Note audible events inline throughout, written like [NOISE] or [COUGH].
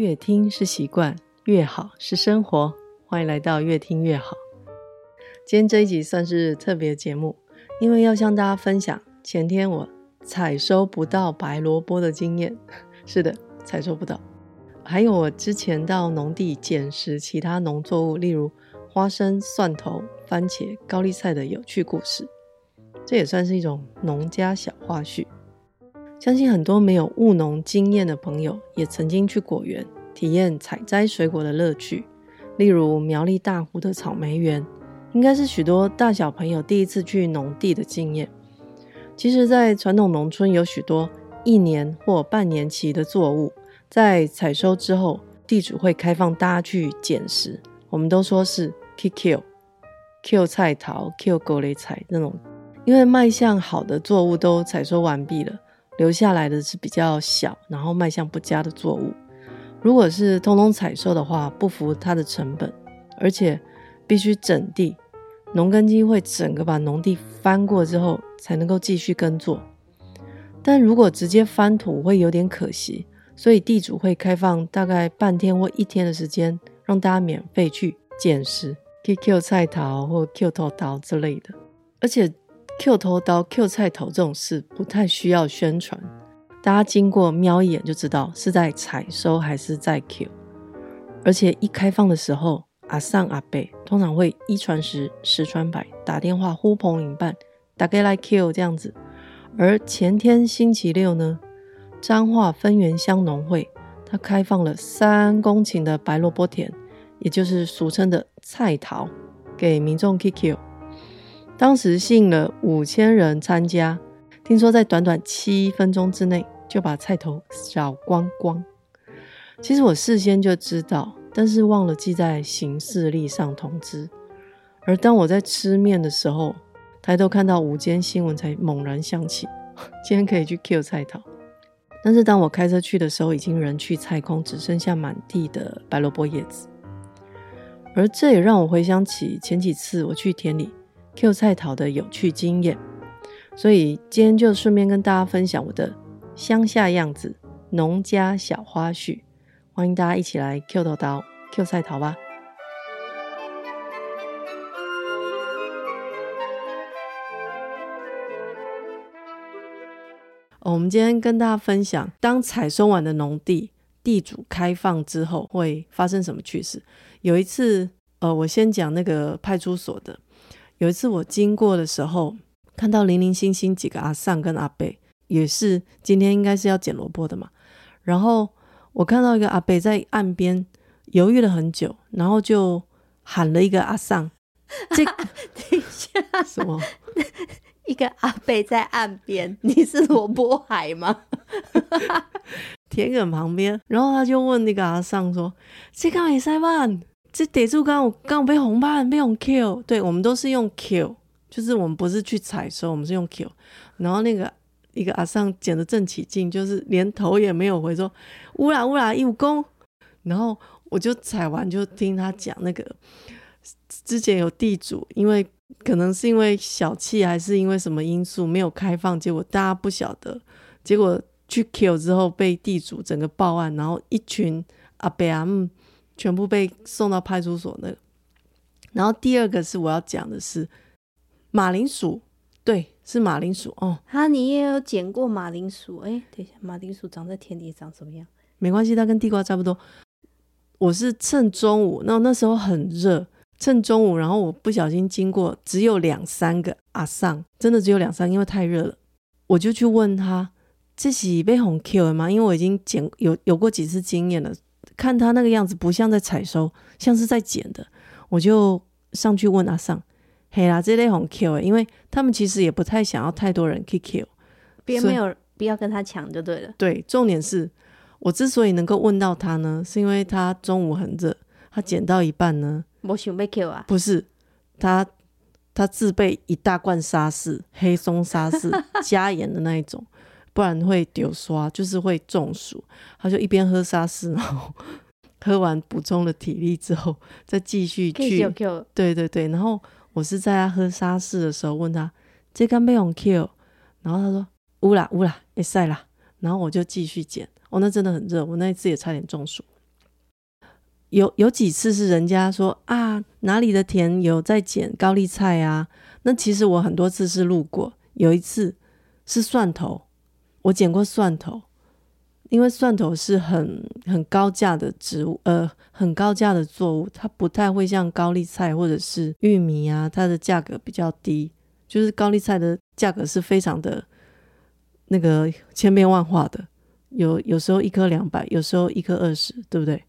閱聽是習慣，閱好是生活。歡迎來到《閱聽閱好》。今天這一集算是特別節目，因為要向大家分享前天我採收不到白蘿蔔的經驗。是的，採收不到。還有我之前到農地撿拾其他農作物，例如花生、蒜頭、番茄、高麗菜的有趣故事。這也算是一種農家小花絮。相信很多沒有務農經驗的朋友，也曾經去果園體驗採摘水果的樂趣。例如苗栗大湖的草莓園，應該是許多大小朋友第一次去農地的經驗。其實，在傳統農村，有許多一年或半年期的作物，在採收之後，地主會開放大家去撿拾。我們都說是 “kick y o k i l l 菜頭 ”，“kill 狗雷菜那種，因為賣相好的作物都採收完畢了。留下來的是比較小，然後賣相不佳的作物。如果是通通採收的話，不符它的成本，而且必須整地，農耕機會整個把農地翻過之後，才能夠繼續耕作。但如果直接翻土會有點可惜，所以地主會開放大概半天或一天的時間，讓大家免費去撿拾，去撿菜頭或撿土豆之類的，而且。Q 頭刀、Q 菜頭這種事不太需要宣傳，大家經過瞄一眼就知道是在採收還是在 Q。而且一開放的時候，阿桑阿伯通常會一傳十、十傳百，打電話呼朋引伴，打 l 大概來 Q 這樣子。而前天星期六呢，彰化芬園鄉農會它開放了三公頃的白蘿蔔田，也就是俗稱的菜頭，給民眾 kick Q。當時吸引了五千人參加，聽說在短短七分鐘之內就把菜頭掃光光。其實我事先就知道，但是忘了記在行事曆上通知。而當我在吃麵的時候，抬頭看到午間新聞，才猛然想起今天可以去撿菜頭。但是當我開車去的時候，已經人去菜空，只剩下滿地的白蘿蔔葉子。而這也讓我回想起前幾次我去田裡撿菜頭的有趣經驗，所以今天就順便跟大家分享我的鄉下樣子、農家小花絮。歡迎大家一起來撿土豆撿菜頭吧！哦，我們今天跟大家分享，當採收完的農地地主開放之後，會發生什麼趣事？有一次，呃，我先講那個派出所的。有一次我經過的時候，看到零零星星幾個阿桑跟阿伯，也是今天應該是要撿蘿蔔的嘛。然後我看到一個阿伯在岸邊猶豫了很久，然後就喊了一個阿桑。啊、這個、等一下什麼？一個阿伯在岸邊，你是蘿蔔海嗎？田 [LAUGHS] 埂 [LAUGHS] 旁邊。然後他就問那個阿桑說：“這卡也塞曼。”這逮住剛我剛有被紅判被紅 kill，對我們都是用 kill，就是我們不是去採收，我們是用 kill。然後那個一個阿桑撿得正起勁，就是連頭也沒有回說烏啦烏啦一無功。然後我就採完就聽他講那個之前有地主，因為可能是因為小氣還是因為什麼因素沒有開放，結果大家不曉得，結果去 kill 之後被地主整個報案，然後一群阿伯阿姆。全部被送到派出所那個，然後第二個是我要講的是馬鈴薯，對，是馬鈴薯哦。哈，你也有撿過馬鈴薯？哎、欸，等一下，馬鈴薯長在田地長什麼樣？沒關係，它跟地瓜差不多。我是趁中午，那那時候很熱，趁中午，然後我不小心經過，只有兩三個阿桑，真的只有兩三個，因為太熱了，我就去問他這是被紅 Q 了嗎？因為我已經撿有有過幾次經驗了。看他那個樣子，不像在採收，像是在撿的。我就上去問阿桑，嘿啦，這類很 kill，因為他們其實也不太想要太多人去 q，k i l l 別沒有必以要跟他搶就對了。對，重點是我之所以能夠問到他呢，是因為他中午很熱，他撿到一半呢，沒想被 kill 啊？不是，他他自備一大罐沙士，黑松沙士 [LAUGHS] 加鹽的那一種。不然會丟刷，就是會中暑。他就一邊喝沙士，然後呵呵喝完補充了體力之後，再繼續去。對對對。然後我是在他喝沙士的時候問他：“這乾杯。用 k 然後他說：“烏啦烏啦，曬啦。啦”然後我就繼續撿。哦，那真的很熱。我那一次也差點中暑。有有幾次是人家說啊，哪裡的田有在撿高麗菜啊？那其實我很多次是路過。有一次是蒜頭。我撿過蒜頭，因為蒜頭是很很高價的植物，呃，很高價的作物，它不太會像高麗菜或者是玉米啊，它的價格比較低。就是高麗菜的價格是非常的，那個千變萬化的，有有時候一顆兩百，有時候一顆二十，對不對？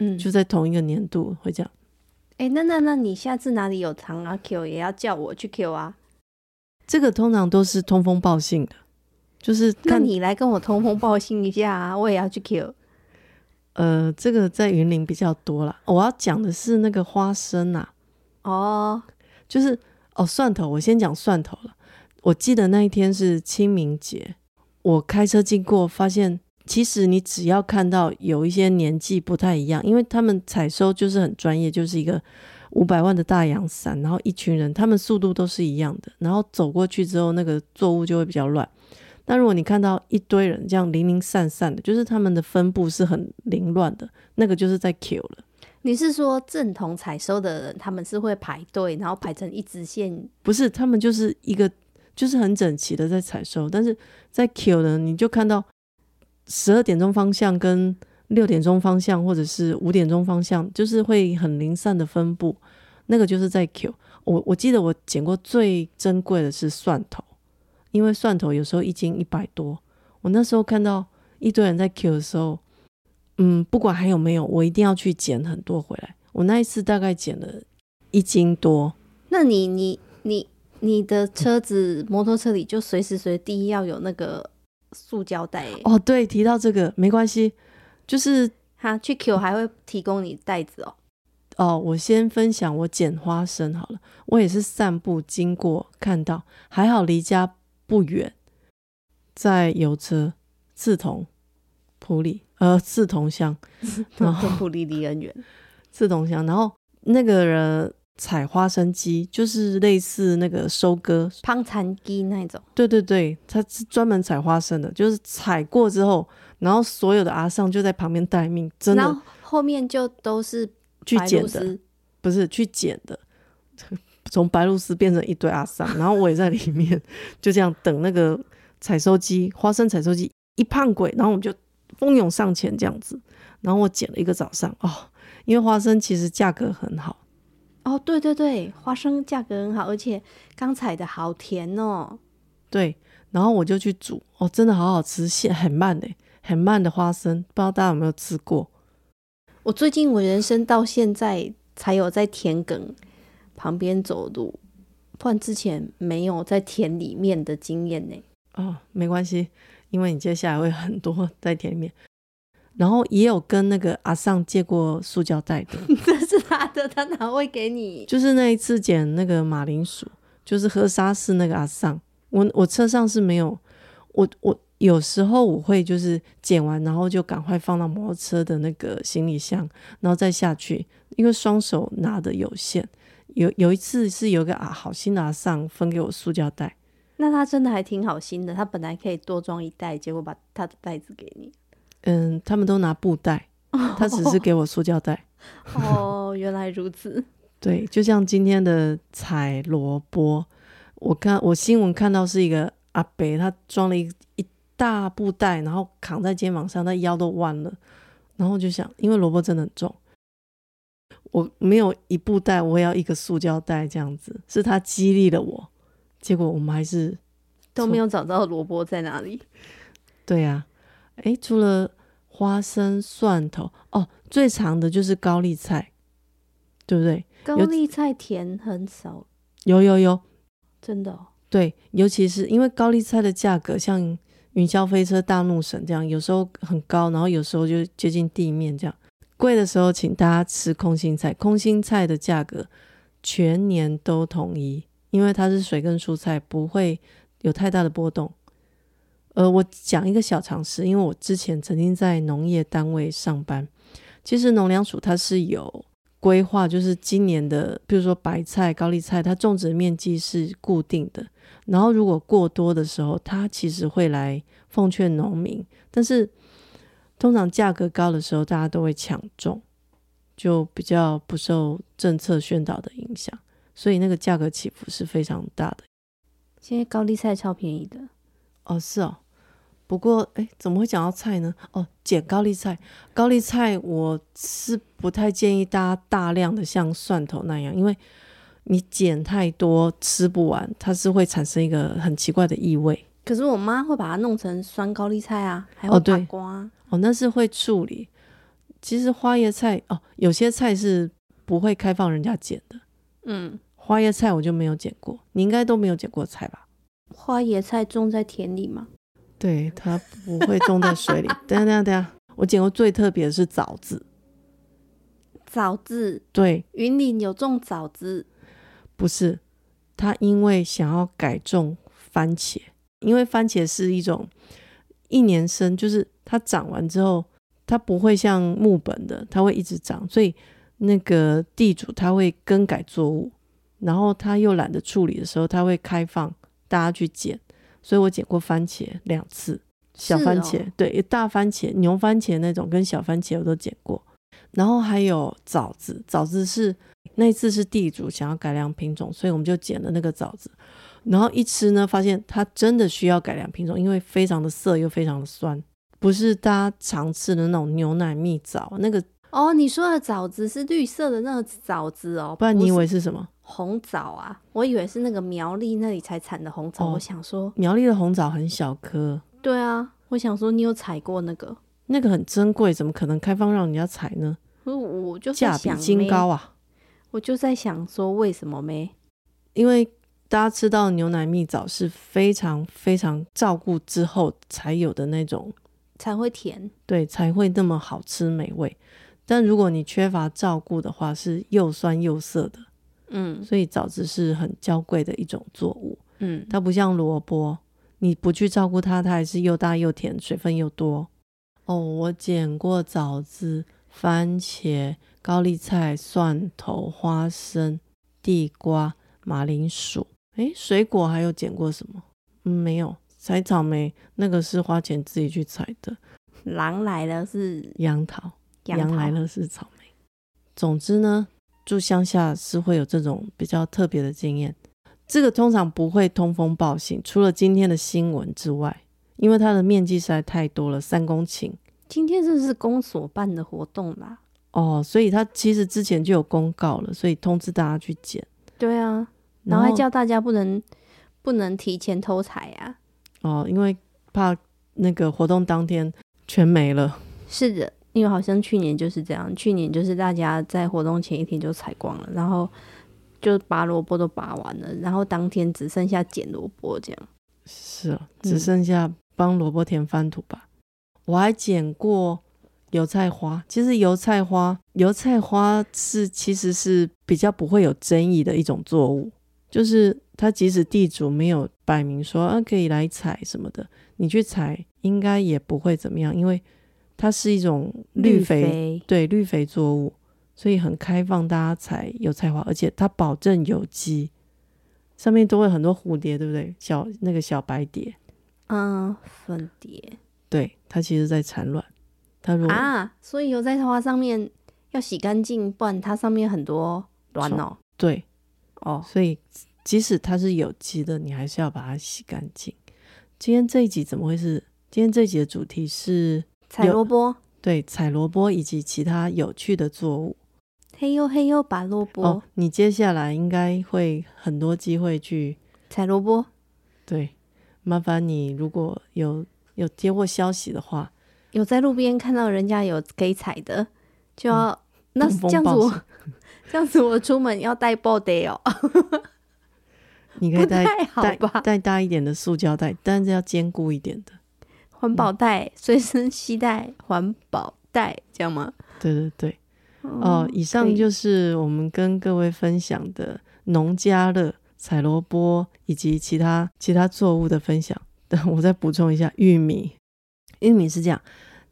嗯，就在同一個年度會這樣。欸，那那那你下次哪裡有糖啊 Q 也要叫我去 Q 啊？這個通常都是通風報信的。就是，那你來跟我通風報信一下啊！我也要去撿。呃，這個在雲林比較多啦。我要講的是那個花生啊。哦，就是哦蒜頭，我先講蒜頭了。我記得那一天是清明節，我開車經過，發現其實你只要看到有一些年紀不太一樣，因為他們採收就是很專業，就是一個五百萬的大洋傘，然後一群人，他們速度都是一樣的，然後走過去之後，那個作物就會比較亂。那如果你看到一堆人這樣零零散散的，就是他們的分布是很凌亂的，那個就是在撿了。你是說正統採收的人，他們是會排隊，然後排成一直線？不是，他們就是一個就是很整齊的在採收，但是在撿呢，你就看到十二點鐘方向跟六點鐘方向，或者是五點鐘方向，就是會很零散的分布，那個就是在撿。我我記得我撿過最珍貴的是蒜頭。因為蒜頭有時候一斤一百多，我那時候看到一堆人在 Q 的時候，嗯，不管還有沒有，我一定要去撿很多回來。我那一次大概撿了一斤多。那你你你你的車子摩托車裡就隨時隨地要有那個塑膠袋。哦，對，提到這個沒關係，就是他去 Q 還會提供你袋子哦。哦，我先分享我撿花生好了，我也是散步經過看到，還好離家。不遠，在油車莿桐、埔里呃莿桐鄉， [LAUGHS] 然後埔里離很遠，莿桐鄉，然後那個人採花生機，就是類似那個收割，拋殘機那種。對對對，他是專門採花生的，就是採過之後，然後所有的阿桑就在旁邊待命，真的。後面就都是去撿的，不是去撿的。 [LAUGHS] 從白鷺鷥變成一堆阿桑，然後我也在裡面， [LAUGHS] 就這樣等那個採收機花生採收機一胖鬼，然後我們就蜂擁上前這樣子，然後我撿了一個早上哦，因為花生其實價格很好哦，對對對，花生價格很好，而且剛採的好甜哦，對，然後我就去煮哦，真的好好吃，現很慢的、欸、很慢的花生，不知道大家有沒有吃過？我最近我人生到現在才有在田埂旁邊走路，換之前沒有在田裡面的經驗呢、欸。哦，沒關係，因為你接下來會很多在田裡面，然後也有跟那個阿桑借過塑膠袋的。這是他的，他哪會給你？就是那一次撿那個馬鈴薯，就是喝沙士。那個阿桑，我我車上是沒有，我我有時候我會就是撿完，然後就趕快放到摩托車的那個行李箱，然後再下去，因為雙手拿的有限。有有一次是有個啊好心的阿桑分給我塑膠袋，那他真的還挺好心的。他本來可以多裝一袋，結果把他的袋子給你。嗯，他們都拿布袋，他只是給我塑膠袋。哦， [LAUGHS] 哦，原來如此。 [LAUGHS] 對，就像今天的採蘿蔔，我看我新聞看到是一個阿伯，他裝了一一大布袋，然後扛在肩膀上，他腰都彎了。然後就想，因為蘿蔔真的很重。我沒有一布袋，我也要一個塑膠袋，這樣子是他激勵了我。結果我們還是都沒有找到蘿蔔在哪裡。對呀、啊，哎、欸，除了花生、蒜頭，哦，最長的就是高麗菜，對不對？高麗菜田很少。有有有，有有真的、哦。對，尤其是因為高麗菜的價格，像雲霄飛車、大怒神這樣，有時候很高，然後有時候就接近地面這樣。貴的時候，請大家吃空心菜。空心菜的價格全年都統一，因為它是水耕蔬菜，不會有太大的波動。呃，我講一個小常識，因為我之前曾經在農業單位上班。其實農糧署它是有規劃，就是今年的，比如說白菜、高麗菜，它種植面積是固定的。然後如果過多的時候，它其實會來奉勸農民。但是通常價格高的時候，大家都會搶種，就比較不受政策宣導的影響，所以那個價格起伏是非常大的。現在高麗菜超便宜的哦！是哦。不過，哎、欸，怎麼會講到菜呢？哦，撿高麗菜，高麗菜我是不太建議大家大量的像蒜頭那樣，因為你撿太多吃不完，它是會產生一個很奇怪的異味。可是我媽會把它弄成酸高麗菜啊，還有大瓜。哦哦，那是會處理。其實花椰菜哦，有些菜是不會開放人家撿的。嗯，花椰菜我就沒有撿過，你應該都沒有撿過菜吧？花椰菜種在田裡嗎？對，它不會種在水裡。 [LAUGHS] 等下等下等下，我撿過最特別的是棗子。棗子？對，雲林有種棗子。不是，它，因為想要改種番茄，因為番茄是一種。一年生就是它長完之後，它不會像木本的，它會一直長，所以那個地主他會更改作物，然後他又懶得處理的時候，他會開放大家去撿。所以我撿過番茄兩次，小番茄、哦、對，大番茄牛番茄那種跟小番茄我都撿過，然後還有棗子，棗子是那次是地主想要改良品種，所以我們就撿了那個棗子。然後一吃呢，發現它真的需要改良品種，因為非常的澀又非常的酸，不是大家常吃的那種牛奶蜜棗那個。哦，你說的棗子是綠色的那個棗子哦，不然你以為是什麼？紅棗啊，我以為是那個苗栗那裡才產的紅棗。哦，我想說，苗栗的紅棗很小顆。對啊，我想說你有採過那個？那個很珍貴，怎麼可能開放讓人家採呢？我就價比金高啊！我就在想說，為什麼沒？因為。大家吃到牛奶蜜棗是非常非常照顧之後才有的那種，才會甜，對，才會那麼好吃美味。但如果你缺乏照顧的話，是又酸又澀的。嗯，所以棗子是很嬌貴的一種作物。嗯，它不像蘿蔔，你不去照顧它，它還是又大又甜，水分又多。哦，我撿過棗子、番茄、高麗菜、蒜頭、花生、地瓜、馬鈴薯。誒，水果還有撿過什麼？嗯、沒有，採草莓那個是花錢自己去採的。狼來了是楊桃，楊桃。羊來了是草莓。總之呢，住鄉下是會有這種比較特別的經驗。這個通常不會通風報信，除了今天的新聞之外，因為它的面積實在太多了，三公頃。今天這是，是公所辦的活動啦，啊。哦，所以他其實之前就有公告了，所以通知大家去撿。對啊。然後還叫大家不能，然後不能提前偷採啊！哦，因為怕那個活動當天全沒了。是的，因為好像去年就是這樣，去年就是大家在活動前一天就採光了，然後就拔蘿蔔都拔完了，然後當天只剩下撿蘿蔔這樣。是啊，只剩下幫蘿蔔田翻土吧。嗯、我還撿過油菜花，其實油菜花，油菜花是其實是比較不會有爭議的一種作物。就是他，即使地主沒有擺明說啊，可以來採什麼的，你去採應該也不會怎麼樣，因為它是一種綠肥，綠飛對，綠肥作物，所以很開放，大家採油菜花，而且它保證有機，上面都會很多蝴蝶，對不對？小那個小白蝶，啊、嗯，粉蝶，對，它其實在產卵，他如果啊，所以油菜花上面要洗乾淨，不然它上面很多卵哦、喔，對。哦，oh, 所以即使它是有機的，你還是要把它洗乾淨。今天這一集怎麼回事？今天這一集的主題是採蘿蔔，對，採蘿蔔以及其他有趣的作物。嘿呦嘿呦，拔蘿蔔！你接下來應該會很多機會去採蘿蔔。對，麻煩你如果有有接過消息的話，有在路邊看到人家有可以採的，就要、嗯。那這樣子我， [LAUGHS] 這樣子我出門要帶布袋哦、喔。 [LAUGHS] 你可以帶帶大一點的塑膠袋，但是要堅固一點的環保袋，隨、嗯、身攜帶環保袋，這樣嗎？對對對。哦、嗯呃，以上就是我們跟各位分享的農家樂採蘿蔔以及其他其他作物的分享。 [LAUGHS] 我再補充一下，玉米，玉米是這樣，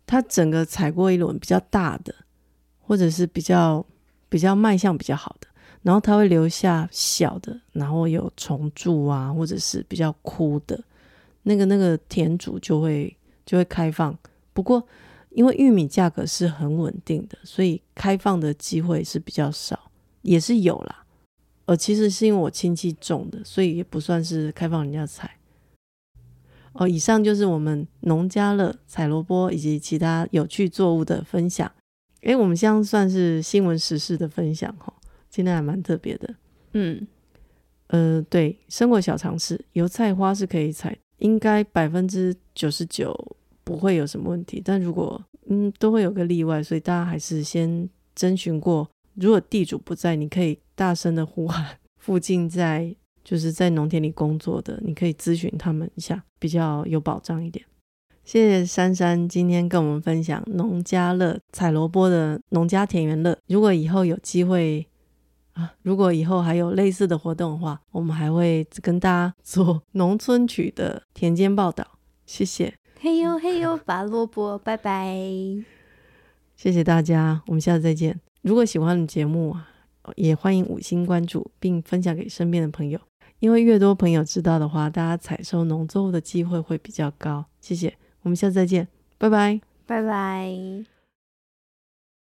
它整個採過一輪比較大的。或者是比較比較賣相比較好的，然後它會留下小的，然後有蟲蛀啊，或者是比較枯的，那個那個田主就會就會開放。不過因為玉米價格是很穩定的，所以開放的機會是比較少，也是有啦。呃，其實是因為我親戚種的，所以也不算是開放人家採。哦，以上就是我們農家樂採蘿蔔以及其他有趣作物的分享。欸，我們現在算是新聞時事的分享哈，今天還蠻特別的。嗯，呃，對，生活小常識，油菜花是可以採，應該百分之九十九不會有什麼問題，但如果嗯，都會有個例外，所以大家還是先徵詢過。如果地主不在，你可以大聲的呼喊附近在就是在農田裡工作的，你可以諮詢他們一下，比較有保障一點。謝謝珊珊今天跟我們分享農家樂採蘿蔔的農家田園樂。如果以後有機會啊，如果以後還有類似的活動的話，我們還會跟大家做農村曲的田間報道。謝謝。嘿呦嘿呦，拔蘿蔔，拜拜 [LAUGHS] bye。謝謝大家，我們下次再見。如果喜歡的節目啊，也歡迎五星關注並分享給身邊的朋友，因為越多朋友知道的話，大家採收農作物的機會會比較高。謝謝。我們下次再見，拜拜，拜拜。